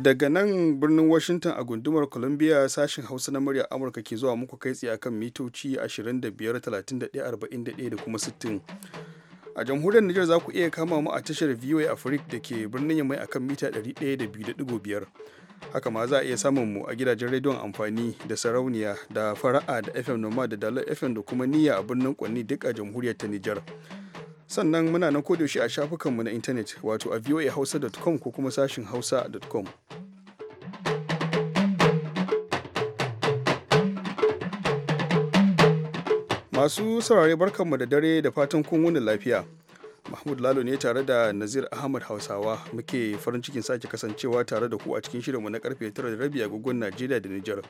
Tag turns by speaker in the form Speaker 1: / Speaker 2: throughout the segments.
Speaker 1: Daga nan birnin Washington a gundumar Columbia sashen Hausa na murya Amurka ke zuwa muku kai tsaye akan mitoci 25, 31, 41 da kuma 60. A jamhuriyar Nijar za ku iya kama mu a tashar VOA Africa da ke birnin Yamai akan mita 102.5. Haka ma za a iya samun mu a gidajen rediyon amfani da sarauniya da fara'a da FM Noma da FM da kuma niyya a birnin Kwanni duk a jamhuriyar ta Nijar. sannan muna nan yaushe a shafukanmu na intanet wato a voahausa.com ko kuma sashin hausa.com masu saurare barkanmu da dare da fatan kun wuni lafiya mahmud lalo ne tare da nazir ahmad hausawa muke farin cikin sake kasancewa tare da ku a cikin shirinmu na karfe 9 da rabi agogon najeriya da Niger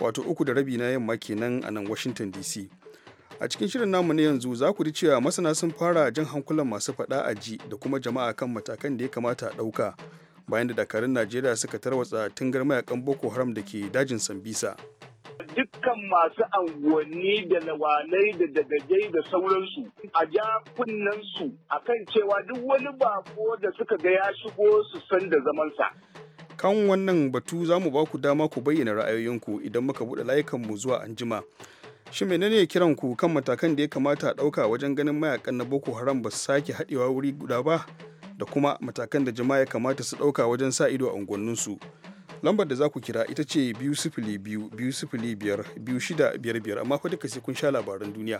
Speaker 1: wato uku da rabi na yamma kenan a nan washington dc a cikin shirin namu na yanzu za ku ji cewa masana sun fara jan hankulan masu faɗa a ji da kuma jama'a kan matakan da ya kamata a ɗauka bayan da dakarun najeriya suka tarwatsa tungar mayakan boko haram da ke dajin sambisa
Speaker 2: dukkan masu anguwanni da lawalai da dagajai da sauransu a ja kunnensu a kan cewa duk wani bako da suka ga ya shigo su san da zamansa.
Speaker 1: kan wannan batu zamu baku dama ku bayyana ra'ayoyinku idan muka buɗe layukanmu zuwa anjima. shin menene kiran ku kan matakan da ya kamata a ɗauka wajen ganin mayakan na boko haram ba su sake haɗewa wuri guda ba da kuma matakan da jama'a ya kamata su ɗauka wajen sa ido a unguwanninsu lambar da za ku kira ita ce biyu sifili biyu biyu sifili biyar biyu shida biyar biyar amma fa duka sai kun sha labaran duniya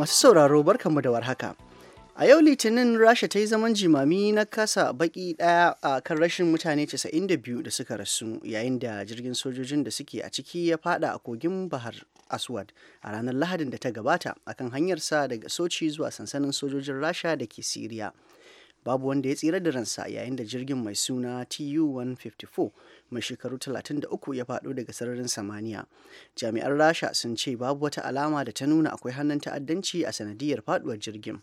Speaker 3: masu sauraro barkanmu da warhaka haka a yau litinin rasha ta yi zaman jimami na kasa baki daya a kan rashin mutane 92 da suka rasu yayin da jirgin sojojin da suke a ciki ya fada a kogin bahar aswad a ranar lahadin da ta gabata akan hanyarsa daga soci zuwa sansanin sojojin rasha da ke siriya babu wanda ya tsira da ransa yayin da jirgin mai suna tu-154 mai shekaru 33 ya faɗo daga sararin samaniya jami'an rasha sun ce babu wata alama da ta nuna akwai hannun ta'addanci a sanadiyar faduwar jirgin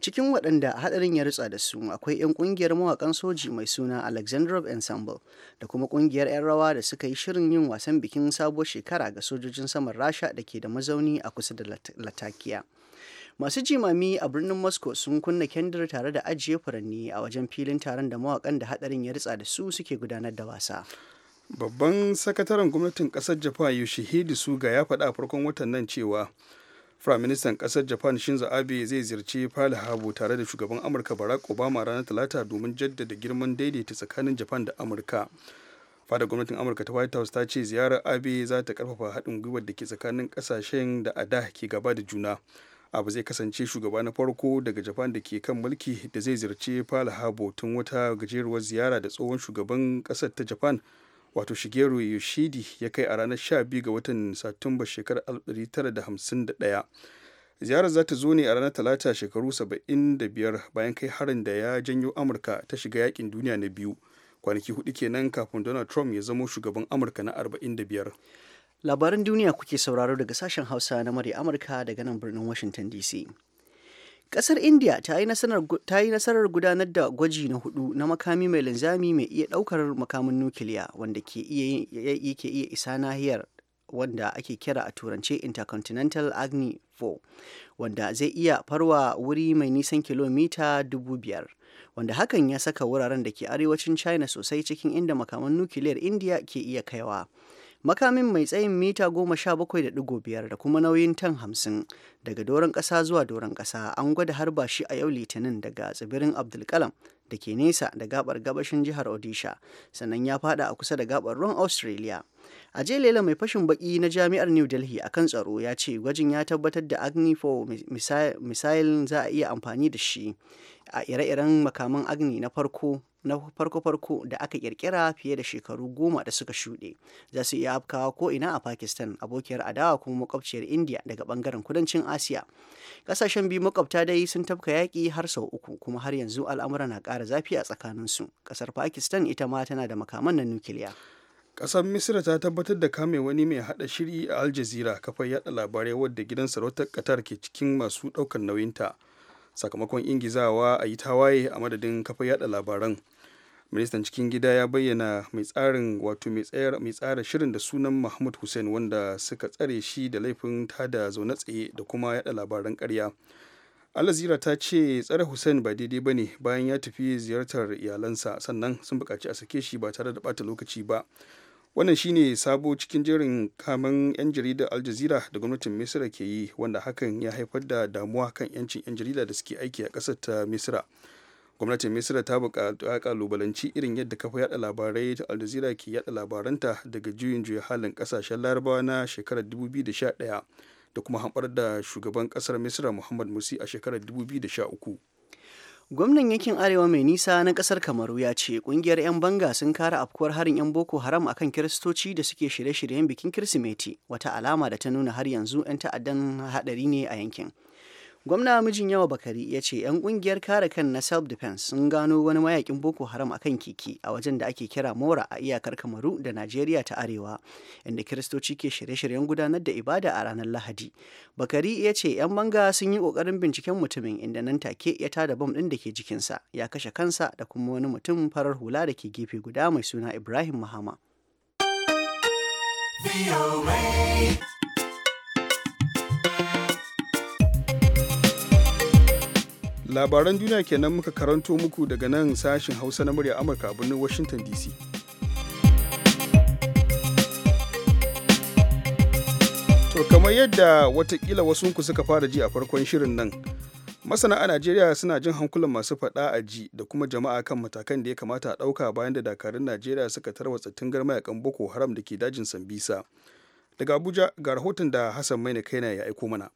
Speaker 3: cikin waɗanda hadarin ya ritsa da su akwai 'yan ƙungiyar mawaƙan soji mai suna alexandrov ensemble da kuma ƙungiyar 'yan rawa da suka yi shirin yin wasan bikin sabuwar shekara ga sojojin saman rasha da ke da mazauni a kusa da latakiya masu jimami a birnin moscow sun kunna kendir tare da ajiye furanni a wajen filin taron da mawakan da hadarin ya ritsa da su suke gudanar da wasa
Speaker 1: babban sakataren gwamnatin kasar japan yoshihide suga ya faɗa a farkon watan nan cewa Firaministan ƙasar Japan Shinzo Abe zai ziyarci Pearl Harbor tare da shugaban Amurka Barack Obama ranar Talata domin jaddada girman daidaita tsakanin Japan da Amurka. Fadar gwamnatin Amurka ta White House ta ce ziyarar Abe za ta karfafa haɗin gwiwar da ke tsakanin ƙasashen da a da ke gaba da juna. Abu zai kasance shugaba na farko daga Japan da ke kan mulki da zai ziyarci Pearl Harbor tun wata gajeruwar ziyara da tsohon shugaban ƙasar ta Japan wato shigeru yoshidi ya kai a ranar 12 ga watan satumba shekarar 1951 ziyarar za ta zo ne a ranar talata shekaru 75 bayan kai harin da ya janyo amurka ta shiga yakin duniya na biyu kwanaki hudu kenan kafin donald trump
Speaker 3: ya zamo shugaban amurka na 45 labaran duniya kuke sauraro daga sashen hausa na murya amurka daga nan birnin washington dc kasar India ta yi nasarar gudanar da gwaji na hudu na makami mai linzami mai iya daukar makamin nukiliya wanda ke iya isa nahiyar wanda ake kira a turance Intercontinental Agni 4 wanda zai iya farwa wuri mai nisan kilomita 5,000 wanda hakan ya saka wuraren da ke arewacin China sosai cikin inda makaman nukiliyar India ke iya kaiwa. makamin mai tsayin mita goma sha bakwai da digo biyar da kuma nauyin tan hamsin daga doron ƙasa zuwa doron ƙasa an gwada harba shi a yau litinin daga tsibirin abdulkalam da ke nesa da gabar gabashin jihar odisha sannan ya fada a kusa da gabar ruwan australia a jelela mai fashin baki na jami'ar new delhi kan tsaro ya ce gwajin ya tabbatar da agni 4 za a iya amfani da shi a ire-iren makaman agni na farko na farko-farko da aka kirkira fiye da shekaru goma da suka shuɗe za su iya afkawa ko ina a pakistan abokiyar adawa kuma makwabciyar india daga bangaren kudancin asiya ƙasashen biyu makwabta dai sun tafka yaƙi har sau uku kuma har yanzu al'amura na ƙara zafi a tsakaninsu ƙasar pakistan ita ma tana da makaman na nukiliya
Speaker 1: ƙasar misira ta tabbatar da kame wani mai haɗa shiri a al jazeera kafar yaɗa labarai wadda gidan sarautar qatar ke cikin masu ɗaukar nauyinta sakamakon ingizawa a yi tawaye a madadin kafa yada labaran ministan cikin gida ya bayyana mai tsarin wato mai tsara shirin da sunan mahmud hussein wanda suka tsare shi da laifin tada zaune tsaye da kuma yada labaran karya alazira ta ce tsare hussein ba daidai ba ne bayan ya tafi ziyartar iyalansa sannan sun buƙaci a sake shi ba tare da bata lokaci ba wannan shine sabo cikin jerin kamun 'yan jarida al jazeera da gwamnatin misira ke yi wanda hakan ya haifar da damuwa kan 'yancin 'yan jarida da suke aiki a ƙasar ta misira gwamnatin misira ta buƙaci kalubalanci irin yadda kafa yada labarai ta al jazeera ke yada labaranta daga juyin juya halin kasashen larabawa na shekarar 2011 da kuma hamɓar da shugaban ƙasar misira muhammad musi a shekarar 2013
Speaker 3: Gwamnan yankin Arewa mai nisa na kasar Kamaru ya ce kungiyar 'yan banga sun kara afkuwar harin 'yan Boko Haram akan Kiristoci da suke shirye-shiryen bikin Kirsimeti, wata alama da ta nuna har yanzu 'yan ta'addan haɗari ne a yankin. gwamna mijin yawa bakari ya ce 'yan kungiyar kare kan na self defense sun gano wani mayakin boko haram akan kiki a wajen da ake kira mora a iyakar kamaru da najeriya ta arewa inda kiristoci ke shirye-shiryen gudanar da ibada a ranar lahadi bakari ya ce 'yan banga sun yi kokarin binciken mutumin inda nan take ya tada bom din da ke jikinsa ya kashe kansa da kuma wani mutum farar hula da ke gefe guda mai suna ibrahim mahama
Speaker 1: labaran duniya kenan muka karanto muku daga nan sashin hausa na murya amurka a birnin washington dc to kamar yadda watakila wasunku suka fara ji a farkon shirin nan masana a najeriya suna jin hankulan masu faɗa a ji da kuma jama'a kan matakan da ya kamata a ɗauka bayan da dakarun najeriya suka tarwatsa tungar mayakan boko haram da ke dajin sambisa daga abuja ga rahoton da hassan maina kaina ya aiko mana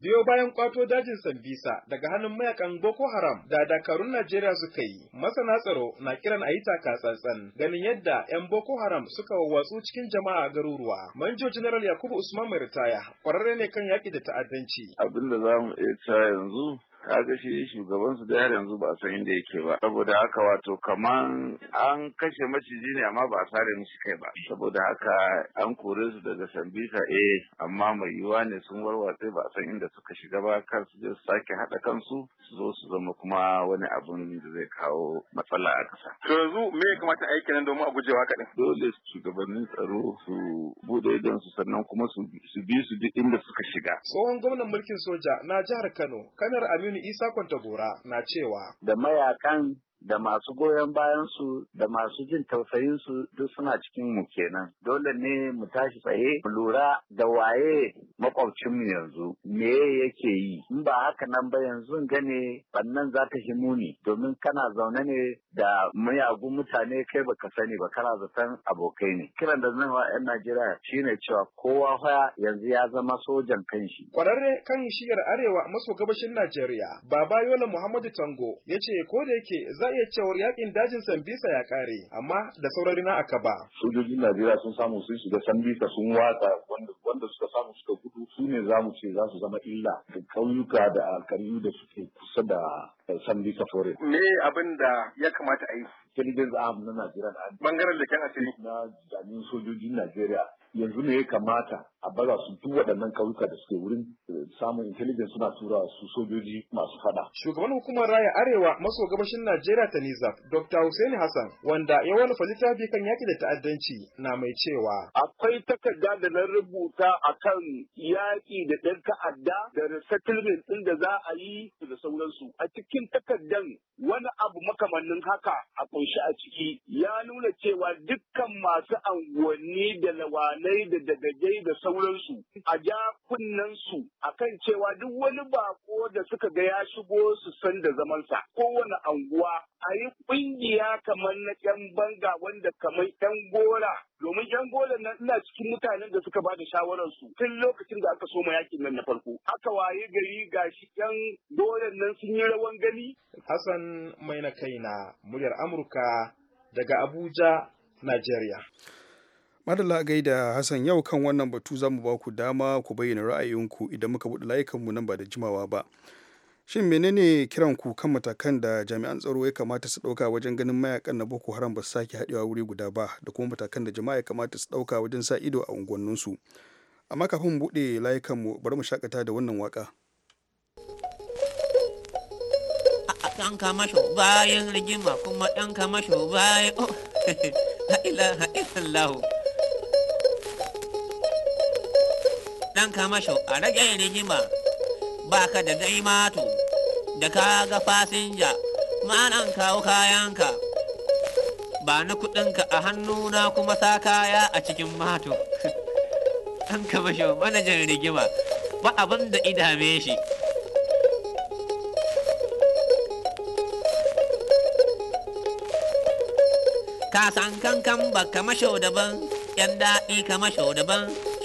Speaker 2: biyo bayan kwato dajin sambisa daga hannun mayakan boko haram da dakarun najeriya suka yi masana tsaro na kiran a yi taka tsantsan ganin yadda yan boko haram suka wawwatsu cikin jama'a garuruwa manjo general yakubu usman mai ritaya kwararre ne kan yaƙi da ta'addanci
Speaker 4: abin da za mu iya yanzu kaga shi shugaban su da yanzu ba san inda yake ba saboda haka wato kaman an kashe maciji ne amma ba a sare mishi kai ba saboda haka an kore su daga sambisa eh amma mai yiwa ne sun warwatse ba san inda suka shiga ba kar su je su sake haɗa kansu su zo su zama kuma wani abun da zai kawo matsala a ƙasa.
Speaker 2: to yanzu me ya kamata aiki nan domin a gujewa haka ɗin. dole
Speaker 4: shugabannin tsaro su bude idan su sannan kuma su bi su duk
Speaker 2: inda suka shiga. tsohon gwamnan mulkin soja na jihar kano kanar aminu Isa Kwantagora na cewa da mayakan da masu goyon bayansu da masu jin tausayinsu duk suna cikin mu kenan. Dole ne mu tashi tsaye mu lura da waye makwabcinmu yanzu me yake yi in ba haka nan ba yanzu gane bannan za ta muni domin kana zaune ne da miyagun mutane kai baka sani ba kana zaton abokai ne. Kiran da zan wa 'yan Najeriya shine cewa kowa haya yanzu ya zama
Speaker 5: sojan kanshi.
Speaker 2: Kwararre kan shiyar arewa maso gabashin Najeriya Baba Yola Muhammadu Tango ya ce ko da yake za iya cewar yakin dajin Sambisa ya kare amma da saurari na aka ba. Sojojin Najeriya sun samu sun shiga Sambisa sun watsa wanda suka samu suka gudu su ne za mu ce za su zama illa da ƙauyuka da alkaru da suke kusa da eh, Sambisa Forest. Me abin da ya kamata a yi? Kildin Arm na Najeriya. Bangaren da kyan asiri. Na jami'in sojojin Najeriya yanzu ne ya kamata a baza su duk waɗannan kauyuka da suke wurin eh, samun intelligence suna tura su sojoji masu fada. Shugaban hukumar raya arewa maso gabashin Najeriya ta Nizaf, Dr. Hussein Hassan, wanda ya falita bi kan yaki da ta'addanci na mai cewa. Akwai takarda da na rubuta a kan yaƙi da ɗan ta'adda da resettlement ɗin da za a yi da sauransu. A cikin takardan wani abu makamannin haka a ƙunshi a ciki ya nuna cewa dukkan masu anguwanni da lawanai da dagajai da sauransu sauransu a ja kunnensu kan cewa duk wani bako da suka ga ya shigo su san da zamansa kowane anguwa a yi kungiya kamar na yan banga wanda kamar yan gora domin yan gora na ina cikin mutanen da suka bada shawarar su tun lokacin da aka soma yakin nan na farko aka waye gari gashi yan gora nan sun yi rawan gani Hassan mai Maina Kaina muryar Amurka daga Abuja Nigeria
Speaker 1: madalla da hassan yau kan wannan batu za mu ba ku dama ku bayyana ra'ayinku idan muka buɗe layukanmu nan ba da jimawa ba shin menene kiran ku kan matakan da jami'an tsaro ya kamata su ɗauka wajen ganin mayakan na boko haram ba su sake haɗewa wuri guda ba da kuma matakan da jama'a ya kamata su ɗauka wajen sa ido a unguwanninsu amma kafin mu buɗe layukanmu bari mu shakata da wannan waka
Speaker 3: ɗan kama bayan rigima kuma ɗan kama bayan oh, la ilaha illallah ɗan kamasho a rage rigima ba ka da dai mato da ka ga fasinja ma'anan kawo kayanka ba na kuɗinka a hannuna kuma sa kaya a cikin mato ɗan kamasho manajan rigima ba abin da idame shi ka san kankan ba kamasho daban yan daɗi kamasho daban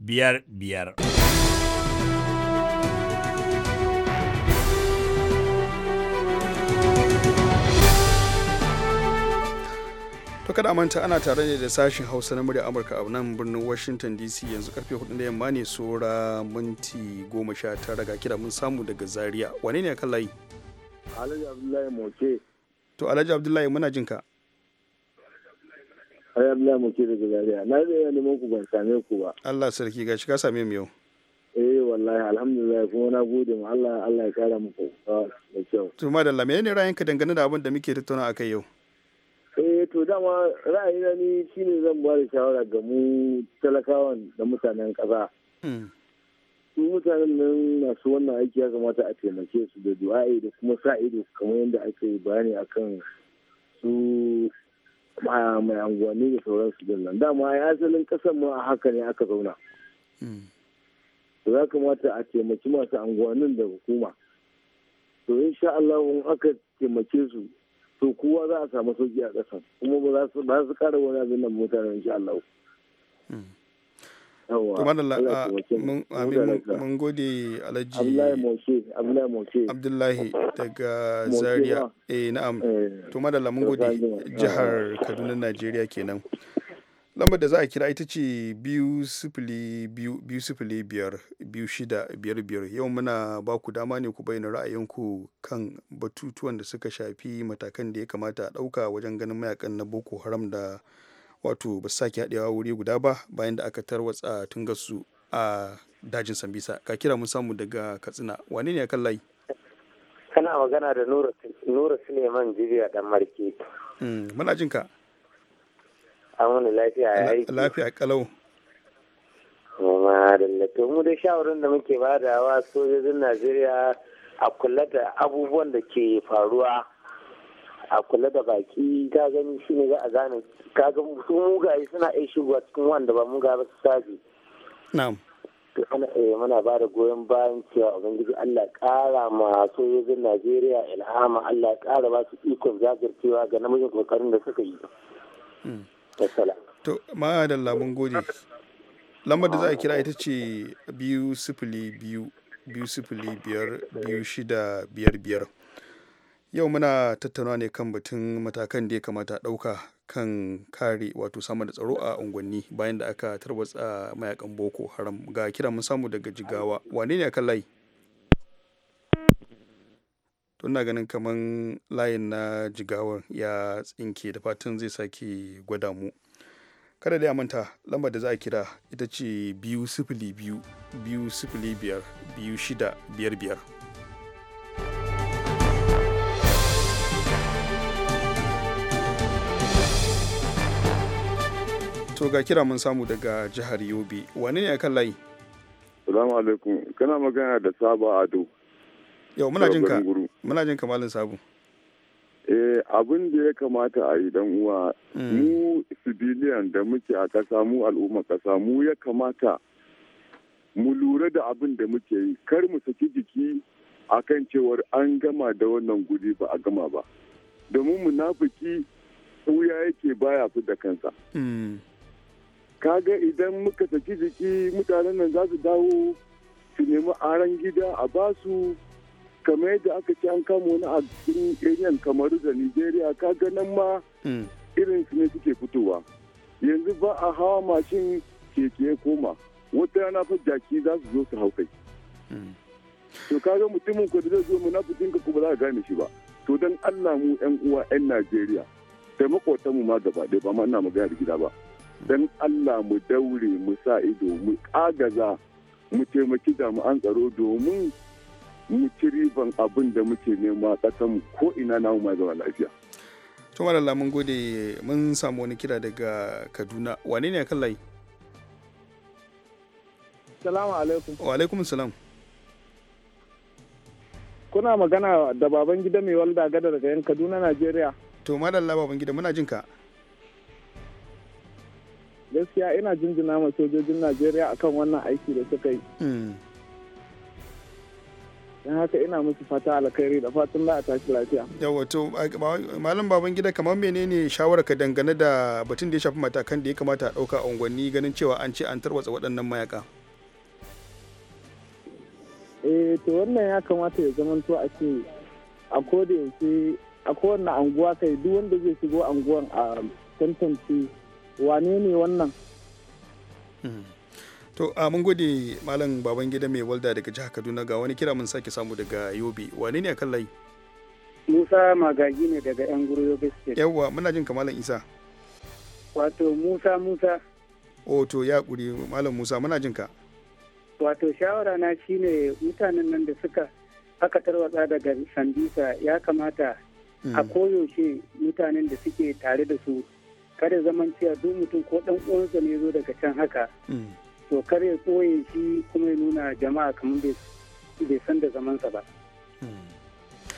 Speaker 1: biyar biyar. To kada manta ana tare ne da sashen Hausa na murya Amurka a nan birnin Washington DC yanzu karfe 4 da yamma ne sora minti 19 ga kira mun samu daga Zaria. Wane ne kan layi?
Speaker 5: Alhaji Abdullahi Moke.
Speaker 1: To Alhaji Abdullahi muna jinka.
Speaker 5: ai Allah mu ke daga Zaria na zai ya neman ku ban same ku ba
Speaker 1: Allah sarki gashi ka same mu yau
Speaker 5: eh wallahi alhamdulillah kuma na gode mu Allah Allah ya kara muku ah, da kyau
Speaker 1: to madalla menene dangane da abin da muke tattauna akai yau
Speaker 5: eh to dama ra'ayina ni shine zan ba da shawara ga mu talakawan da mutanen kasa. Hmm. su mutanen nan masu wannan aiki ya kamata a taimake su da du'a'i da kuma sa ido kamar yadda ake yi bayani akan su mai anguwanni da sauransu din nan dama ya asalin kasan mu a haka ne aka zauna hmm. to ya kamata a taimaki masu anguwannin da hukuma to insha Allah in aka taimake su to kowa za a samu sauki a kasan kuma ba za su ƙara wani abin nan mutane insha Allah
Speaker 1: hmm. to da amin mun gode alhaji abdullahi daga zaria eh na'am eh. to da mun gode jihar kaduna najeriya kenan lambar da za a kira ita ce biyu sifili biyu biyu sifili biyar biyu shida biyar biyar yau muna ba ku dama ne ku bayyana ra'ayinku kan batutuwan da suka shafi matakan da ya kamata a ɗauka wajen ganin mayakan na boko haram da wato ba su sake haɗewa wuri guda ba bayan da aka tarwatsa tungarsu a dajin sambisa ka kira mun samu daga katsina wane ne akan layi
Speaker 5: kana magana da nura suleiman jibiya dan marke
Speaker 1: hmm, muna jin ka
Speaker 5: an wani lafiya ya aiki
Speaker 1: lafiya kalau
Speaker 5: kuma da mu da shawarin da muke badawa sojojin najeriya a kula da abubuwan da ke faruwa a kula da baki ka gani shi ne za a gane ka ga su mugaye suna iya shigowa cikin wanda ba muga ba su sabi na'am eh, muna ba da goyon bayan cewa ubangiji Allah ƙara ma sojojin Najeriya ilhama Allah ƙara ba su ikon jajircewa ga namijin kokarin da suka yi
Speaker 1: hmm. to ma da lamun gode lambar da za a kira ita ce biyu sifili biyu biyu sifili biyar biyu shida biyar biyar yau muna tattaunawa ne kan batun matakan da ya kamata ɗauka kan kare wato samar da tsaro a unguwanni bayan da aka tarwatsa mayakan boko haram ga kira mun samu daga jigawa wane ne akan layi na ganin kamar layin na jigawar ya tsinke da fatan zai sake gwada mu kada da ya manta lambar da za a kira ita ce biyu sifili biyu biyu sifili biyar biyu shida biyar biyar to ga kira mun samu daga jihar yobe Wani ne akan layi salamu alaikum kana magana da
Speaker 4: saba ado
Speaker 1: yau muna jin ka muna jin ka malin sabu
Speaker 4: eh abin da ya kamata a yi dan uwa hmm. mu civilian da muke a kasa mu al'umma kasa mu ya kamata mu lura da abin da muke yi kar mu saki jiki akan cewar an gama da wannan guri ba a gama ba domin munafiki wuya yake baya fi da kansa hmm. kaga idan muka saki jiki mutanen nan za su dawo su nemi aran gida a basu kamar yadda aka ci an kama wani a cikin ariyan kamaru da nigeria kaga nan ma hmm. irin su ne suke fitowa yanzu ba a hawa mashin keke koma wata rana fa jaki za su zo su hau kai hmm. to kaga mutumin ku da zai zo munafikin ka kuma za ka gane shi ba to dan Allah mu yan uwa yan Najeriya ta makotan mu ma gaba ɗaya ba ma ina magana da gida ba don allah mu daure mu sa ido mu kagaza mu taimaki jami'an tsaro domin mu ci riban abin da muke nema a mu ko ina na ma zama lafiya
Speaker 1: tun wadanda mun gode mun samu wani kira daga kaduna wane ne kan layi
Speaker 5: salamu alaikum wa alaikum salam kuna magana da baban gida mai walda gada daga yan kaduna najeriya
Speaker 1: to madalla baban gida muna jin ka
Speaker 5: gaskiya ina jinjina ma sojojin najeriya akan wannan aiki da suka yi hmm. don haka ina musu fata alkhairi da fatan za a tashi lafiya
Speaker 1: da wato malam baban gida kamar menene ka dangane da batun da ya shafi matakan da ya kamata a ɗauka a unguwanni ganin cewa an ce an tarwatsa waɗannan mayaka
Speaker 5: eh to wannan ya kamata ya zamanto a ce a da yaushe a kowane anguwa kai duk wanda zai shigo anguwan a tantance wane ne wannan
Speaker 1: hmm. to a mun gode malam baban gida mai walda daga jihar kaduna ga wani kira mun sake samu daga yobe wane ne a kan layi
Speaker 6: musa magagi ne daga yan guru yobe state yawwa
Speaker 1: muna jin kamalan
Speaker 6: isa
Speaker 5: wato musa musa
Speaker 1: o oh, to ya kuri malam musa muna jin ka
Speaker 5: wato shawara na shine mutanen nan da suka aka tarwatsa daga sandisa ya kamata a hmm. koyaushe mutanen da suke tare da su kada zaman cewa duk mutum ko dan uwansa ne zo daga can haka hmm. to kar ya tsoye shi kuma ya nuna jama'a kamar bai san da zamansa ba hmm.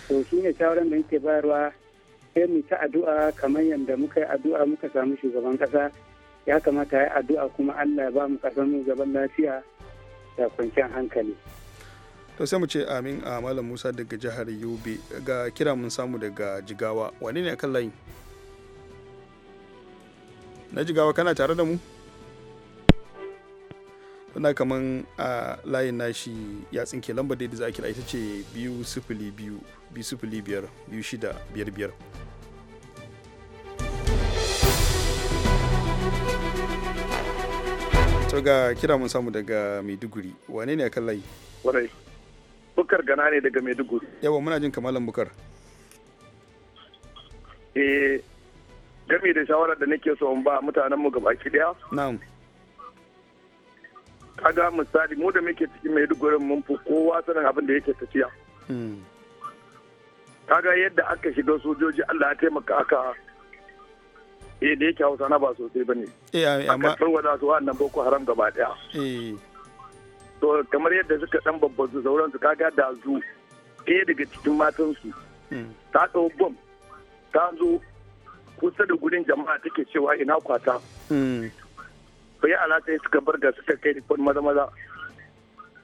Speaker 5: to shi ne shawaran da yake bayarwa sai mu ta addu'a kamar yadda muka yi addu'a muka samu shugaban kasa ya kamata ya addu'a kuma Allah ya ba mu kasar mu gaban lafiya da kwanciyar hankali
Speaker 1: to sai mu ce amin a malam Musa daga jihar Yobe ga kira mun samu daga Jigawa wane ne kan layin na jigawa kana tare da mu kuna kaman a layin nashi ya tsinke lambar da za a kira ita ce biyu sifili biyu biyu sifili biyar biyu shida biyar biyar to ga kira mun samu daga maiduguri wane ne a kan layi warai bukar
Speaker 5: gana ne daga maiduguri
Speaker 1: yawon muna jin kamalan bukar
Speaker 5: eh gami da shawarar da nake so in ba mutanen mu ki daya na'am kaga misali mu da muke cikin Maiduguri mun fi kowa sanin abin da yake tafiya hmm. kaga yadda aka shiga sojoji Allah ya taimaka aka eh da yake Hausa na ba sosai bane
Speaker 1: eh amma aka
Speaker 5: tarwada su wannan boko haram gaba daya eh. to kamar yadda suka dan babban su sauran su kaga da zu ɗaya daga cikin matan su hmm. ta ɗau bom ta zo kusa da gudun jama'a take cewa ina kwata to hmm. ya alata suka bar da suka kai kwan maza maza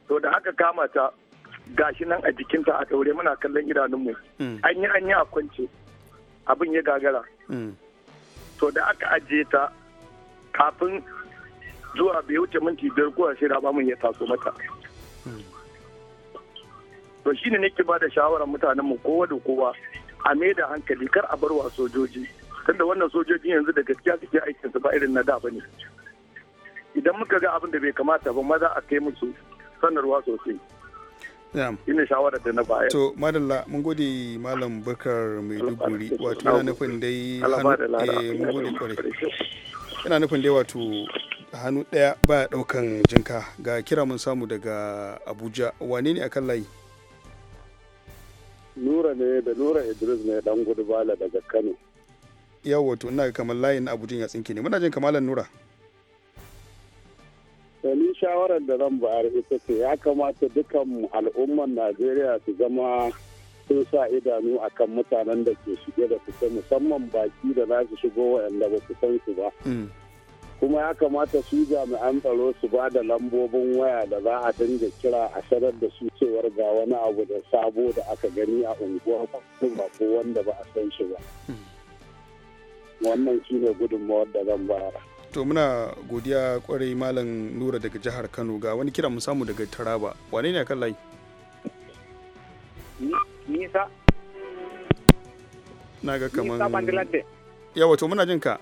Speaker 5: to da haka kama ta gashi nan a jikinta a daure muna kallon idanunmu hmm. an yi an yi a kwance abin ya gagara hmm. to da aka ajiye ta kafin zuwa bai wuce minti biyar ko shida ba mun ya taso mata to shine nake ba da shawarar mutanen mu kowa da kowa a mai da hankali kar a bar wa sojoji tunda wannan sojoji yanzu da gaskiya suke aikin su ba irin na da bane idan muka ga abin da bai kamata ba maza a kai musu sanarwa sosai ina shawarar da na baya to
Speaker 1: madalla mun gode malam bakar maiduguri wato yana nufin dai eh, mun gode kwarai yana nufin dai wato hannu daya baya daukan jinka ga kira mun samu daga abuja wane ne akan layi
Speaker 4: nura ne da nura idris ne dan gudu daga
Speaker 1: kano yau wato ina ga kamar layin abujin ya tsinke ne muna jin kamalan nura
Speaker 4: ni shawarar da zan bayar ita ce ya kamata dukan al'umman najeriya su zama sun sa idanu akan mutanen da ke shige da fita musamman baki da za su shigo waɗanda ba su san su ba hmm. kuma ya kamata su jami'an tsaro su ba da lambobin waya da za a dinga kira a sanar da su cewar ga wani abu da sabo da aka gani a unguwa ko wanda ba a san shi ba. Hmm. wannan shi ne gudunmawar da zan bara.
Speaker 1: to muna godiya kwarai malam nura daga jihar kano ga wani kira mu samu daga taraba wane ne kan layi nisa na ga kaman yawa to muna jin ka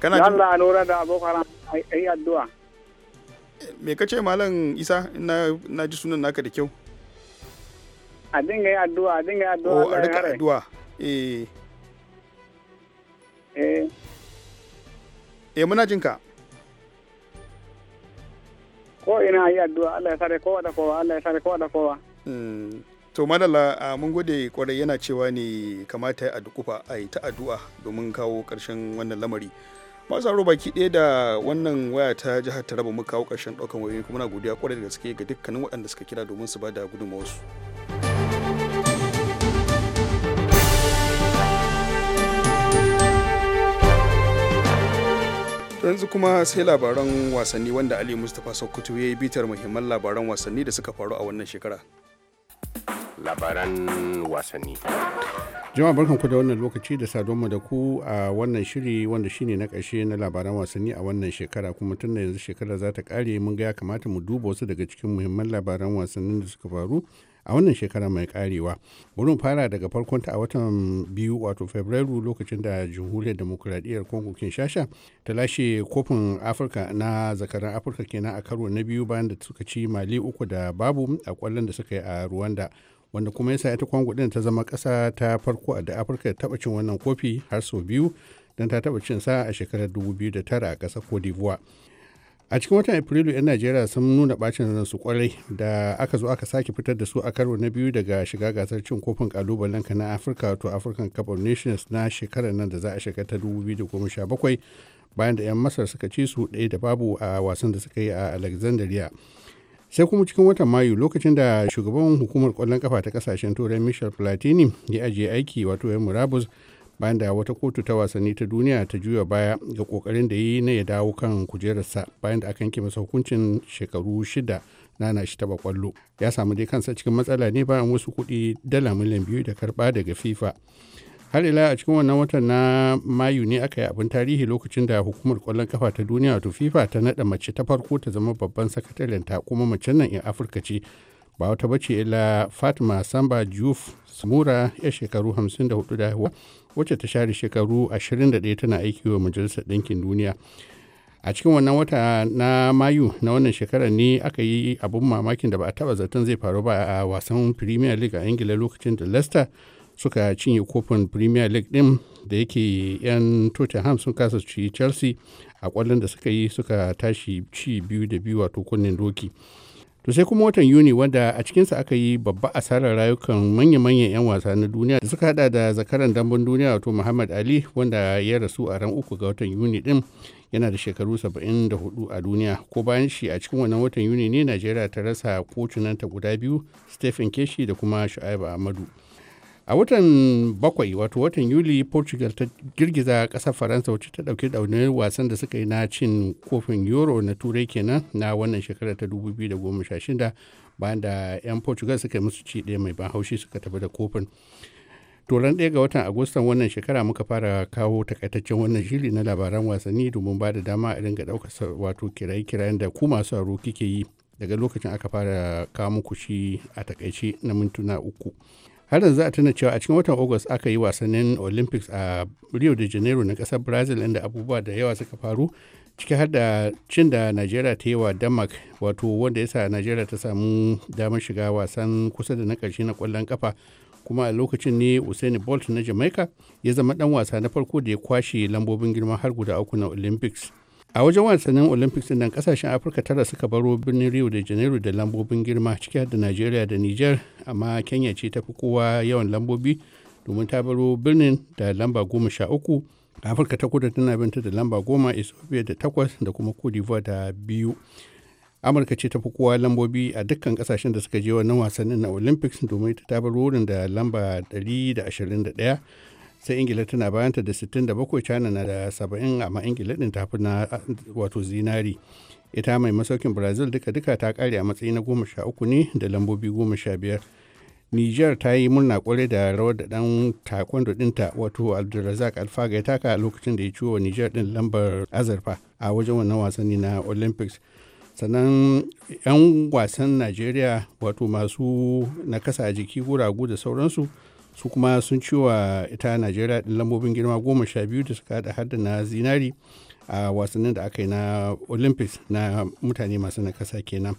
Speaker 1: kana jin Allah
Speaker 5: lura da abokan ai addu'a
Speaker 1: me kace malam Isa na na ji sunan naka da kyau
Speaker 5: a dinga yi addu'a a dinga yi addu'a oh, a dinga
Speaker 1: addu'a eh eh eh muna jinka
Speaker 5: ko ina yi addu'a Allah ya sare kowa da kowa Allah ya sare kowa da kowa
Speaker 1: hmm. to madalla mun gode kwarai yana cewa ne kamata a dukufa a yi ta addu'a domin kawo ƙarshen wannan lamari masu aro baki ɗaya da wannan waya ta jihar taraba mu kawo ƙarshen ɗaukan wayoyi kuma na godiya kwarai da gaske ga dukkanin waɗanda suka kira domin su ba da gudunmawarsu. yanzu kuma sai labaran wasanni wanda ali mustapha sokoto ya yi bitar muhimman labaran wasanni da suka faru a wannan shekara labaran wasanni
Speaker 7: jama'a barkan ku da wannan lokaci da mu da ku a wannan shiri wanda shine na ƙarshe na labaran wasanni a wannan shekara kuma tun da yanzu shekara za ta ƙare mun ga ya kamata mu duba wasu daga cikin muhimman labaran wasannin da suka faru a wannan shekara mai karewa wurin fara daga farkon ta a watan biyu wato fabrairu lokacin da jamhuriyar demokuraɗiyyar congo kinshasa ta lashe kofin afirka na zakaran afirka kenan a karo na biyu bayan da suka ci mali uku da babu a kwallon da suka yi a ruwanda wanda kuma yasa ita congo din ta zama ƙasa ta farko a da afirka ta taɓa cin wannan kofi har sau biyu don ta taɓa cin sa a shekarar 2009 a ƙasar cote d'ivoire a cikin watan afrilu 'yan najeriya sun nuna bacin su kwarai da aka zo aka sake fitar da su a karo na biyu daga shiga gasar cin kofin kalubalen na afirka to african cup of nations na shekarar nan da za a shiga ta 2017 bayan da 'yan masar suka ci su ɗaya da babu a wasan da suka yi a alexandria sai kuma cikin watan mayu lokacin da shugaban hukumar kwallon kafa ta kasashen turai michel platini ya ajiye aiki wato yan murabus bayan da wata kotu ta wasanni ta duniya ta juya baya ga kokarin da yi na ya dawo kan kujerarsa bayan da aka yanke masa hukuncin shekaru shida nana shi taba kwallo ya samu dai kansa cikin matsala ne bayan wasu kuɗi dala miliyan biyu da karba daga fifa har ila a cikin wannan watan na mayu ne aka yi abin tarihi lokacin da hukumar kwallon kafa ta duniya wato fifa ta naɗa mace ta farko ta zama babban sakataren ta kuma mace nan in afirka ce ba wata bace ila fatima samba juf samura ya shekaru 54 da haihuwa wacce ta share shekaru 21 tana aiki wa majalisar ɗinkin duniya a cikin wannan wata na mayu na wannan shekara ne aka yi abun mamakin da ba a taba zaton zai faru ba a wasan premier league a ingila lokacin da leicester suka cinye kofin premier league din da yake yan tottenham sun kasa ci chelsea a kwallon da suka yi suka tashi ci biyu da biyu wato kunnen doki to sai kuma watan yuni wanda a cikinsa aka yi babba asarar rayukan manya-manyan 'yan wasa na duniya da suka hada da zakaran damben duniya wato muhammad ali wanda ya rasu a ran uku ga watan yuni din yana da shekaru 74 a duniya ko bayan shi a cikin wannan watan yuni ne najeriya ta rasa kotunanta guda biyu stephen keshi da kuma shu'aibu ahmadu a watan bakwai wato watan yuli portugal ta girgiza kasar faransa wacce ta dauki daunin wasan da suka yi na cin kofin euro na turai kenan na wannan shekarar ta 2016 bayan da 'yan portugal suka yi musu ci ɗaya mai ban haushi suka tafi da kofin turan ɗaya ga watan agustan wannan shekara muka fara kawo takaitaccen wannan shiri na labaran wasanni domin ba da dama a ringa ɗaukar wato kiraye-kirayen da ku masu aro kike yi daga lokacin aka fara kawo muku shi a takaice na mintuna uku har yanzu za a tuna cewa a cikin watan august aka yi wasannin olympics a rio de janeiro na kasar brazil inda abubuwa da yawa suka faru ciki har da cin da nigeria ta yi wa denmark wato wanda ya sa nigeria ta samu damar shiga wasan kusa da na karshe na kwallon kafa kuma a lokacin ne usain bolt na jamaica ya zama dan wasa na farko da ya kwashe lambobin girma har guda uku na olympics a wajen wasannin olympics nan kasashen afirka tara suka baro birnin rio de janeiro da lambobin girma ciki da nigeria da niger amma kenya ce ta fi kowa yawan lambobi domin ta baro birnin da lamba goma sha uku afirka ta kudu tana binta da lamba goma ethiopia da takwas da kuma cote d'ivoire da biyu amurka ce ta fi kowa lambobi a dukkan kasashen da suka je wannan wasannin na olympics domin ta baro wurin da lamba 121 sai ingila tana bayanta da 67 china na da 70 amma ingila din tafi na wato zinari ita mai masaukin brazil duka-duka ta kare a matsayi na 13 ne da lambobi 15 niger ta yi murna kwarai da rawar da dan taekwondo dinta wato abdulrazak alfaga ya taka lokacin da ya ciwo niger din lambar azurfa a wajen wannan wasanni na olympics sannan 'yan wasan nigeria wato masu nakasa a jiki guragu da sauransu su kuma sun wa ita najeriya din lambobin girma goma sha biyu da suka hada hada na zinari a wasannin da aka yi na olympics na mutane masu nakasa kenan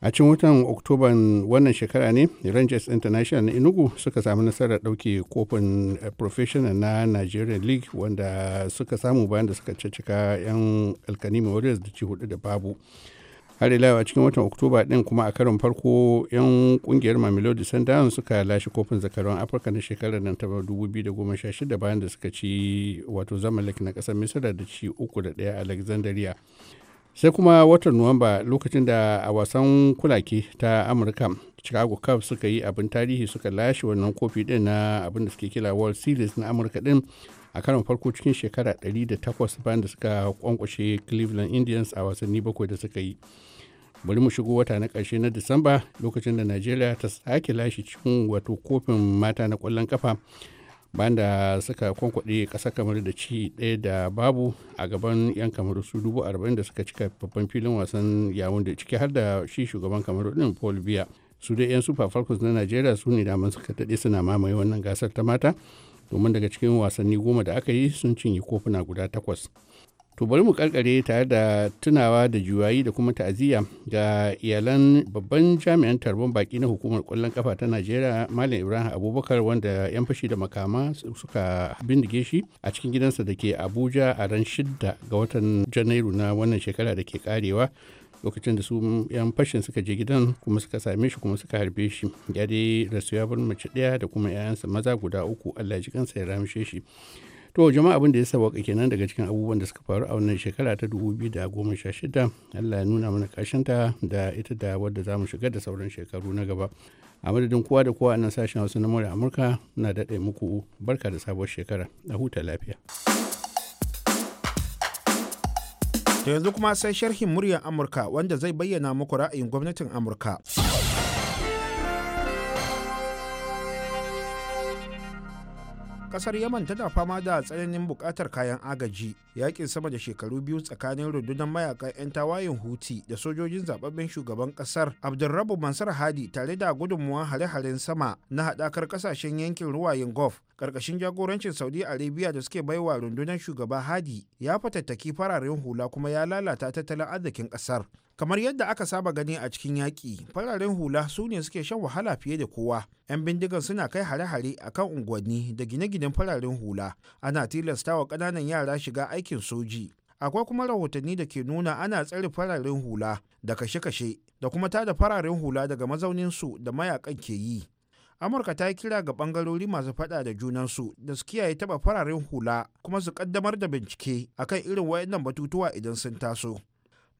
Speaker 7: a cin watan oktoban wannan shekara ne rangers international na enugu suka samu nasarar dauke kofin eh, professional na nigerian league wanda suka samu bayan da suka cika 'yan alkanimi warriors da ci hudu da babu har ila a cikin watan oktoba din kuma a karon farko yan kungiyar mamelodi sundowns suka lashe kofin zakarun afirka na shekarar nan ta 2016 bayan da suka ci wato zamalek na kasar misira da ci uku da daya alexandria sai kuma watan nuwamba lokacin da a wasan kulake ta amurka chicago cubs suka yi abin tarihi suka lashe wannan kofi din na abin da suke kila world series na amurka din a karin farko cikin shekara 108 bayan da suka kwankwashe cleveland indians a wasanni bakwai da suka yi bari mu shigo wata na ƙarshe na disamba lokacin da najeriya ta sake lashe cikin wato kofin mata na ƙwallon kafa bayan da suka kwankwaɗe ƙasa kamar da ci ɗaya da babu a gaban 'yan kamar su dubu arba'in da suka cika babban filin wasan yawon da ciki har da shi shugaban kamar ɗin paul biya su dai 'yan super falcons na najeriya su ne daman suka daɗe suna mamaye wannan gasar ta mata domin daga cikin wasanni goma da aka yi sun cinye kofuna guda takwas to bari mu karkare tare da tunawa da juyayi da kuma ta'aziyya ga iyalan babban jami'an tarbon baki na hukumar kwallon kafa ta najeriya malam ibrahim abubakar wanda yan fashi da makama suka bindige shi a cikin gidansa da ke abuja a ran shidda ga watan janairu na wannan shekara da ke karewa lokacin da su yan fashin suka je gidan kuma suka same shi kuma suka harbe shi ya dai rasu ya bar mace ɗaya da kuma 'ya'yansa maza guda uku allah ji kansa ya ramshe shi to jama'a abin da ya sabaka kenan daga cikin abubuwan da suka faru a wannan shekara ta da 2016 allah ya nuna mana ta da ita da wadda za mu shiga da sauran shekaru na gaba a madadin kowa da kowa a nan sashen wasu na mura amurka na daɗe muku barka da sabuwar shekara a huta lafiya
Speaker 6: da yanzu kuma sai sharhin muryar amurka wanda zai bayyana muku ra'ayin gwamnatin amurka kasar yaman tana fama da tsananin bukatar kayan agaji yakin sama da shekaru biyu tsakanin rundunar mayakan 'yan tawayen huti da sojojin zababben shugaban kasar abdulrabu mansur hadi tare da gudunmuwan hare-haren sama na haɗakar kasashen yankin ruwayen gulf ƙarƙashin jagorancin saudi arabia da suke baiwa rundunar shugaba hadi ya fatattaki fararen hula kuma ya lalata tattalin arzikin ƙasar. kamar yadda aka saba gani a cikin yaƙi fararen hula su ne suke shan wahala fiye da kowa 'yan bindigan suna kai hare-hare a kan unguwanni da gine-ginen fararen hula ana tilasta wa ƙananan yara shiga aikin soji akwai kuma rahotanni da ke nuna ana tsare fararen hula da kashe-kashe da kuma tada fararen hula daga mazauninsu da mayakan ke yi amurka ta yi kira ga bangarori masu fada da junansu da su kiyaye taba fararen hula kuma su kaddamar da bincike akan irin wayannan batutuwa idan sun taso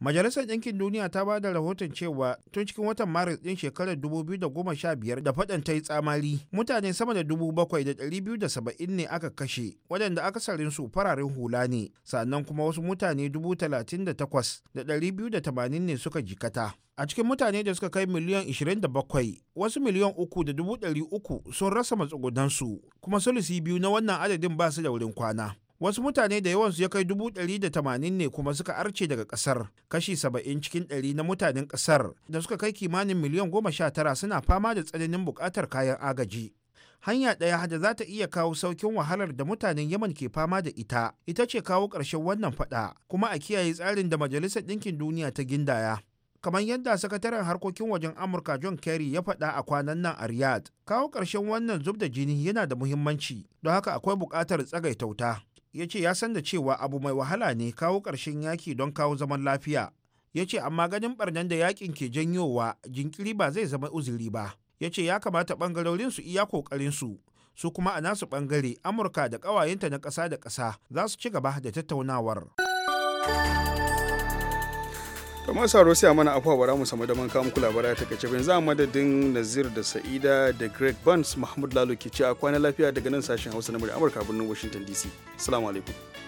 Speaker 6: Majalisar Ɗinkin Duniya ta ba da rahoton cewa tun cikin watan Maris ɗin shekarar 2015 da faɗan ta yi tsamari mutane sama da 7,270 ne aka kashe waɗanda akasarin su fararen hula ne sannan kuma wasu mutane 38,280 ne suka jikata. A cikin mutane da suka kai miliyan 27 wasu miliyan uku da dubu uku sun rasa matsugunansu kuma sulisi biyu na wannan adadin ba su da wurin kwana. wasu mutane da yawan su ya kai dubu ɗari da tamanin ne kuma suka arce daga ƙasar kashi saba'in cikin ɗari na mutanen ƙasar da suka kai kimanin miliyan goma sha tara suna fama da tsananin buƙatar kayan agaji hanya ɗaya da za ta iya kawo saukin wahalar da mutanen yaman ke fama da ita ita ce kawo ƙarshen wannan faɗa kuma a kiyaye tsarin da majalisar ɗinkin duniya ta gindaya kamar yadda sakataren harkokin wajen amurka john kerry ya faɗa a kwanan nan a riyadh kawo ƙarshen wannan zub da jini yana da muhimmanci don haka akwai buƙatar tsagaitauta ya ce ya san da cewa abu mai wahala ne kawo ƙarshen yaki don kawo zaman lafiya ya ce amma ganin barnan da yakin ke janyowa jinkiri ba zai zama uzuri ba ya ce ya kamata ɓangarorin su iya kokarin su su kuma a nasu ɓangare amurka da ƙawayenta na ƙasa da ƙasa za su ci gaba da tattaunawar
Speaker 1: kamar sauro sai mana afuwa bara mu samu daman kamun kula bara ta kace bin za madadin Nazir da Sa'ida da Greg Burns Mahmud Lalo ke ci a kwana lafiya daga nan sashen Hausa na Amurka birnin Washington DC. Assalamu alaikum.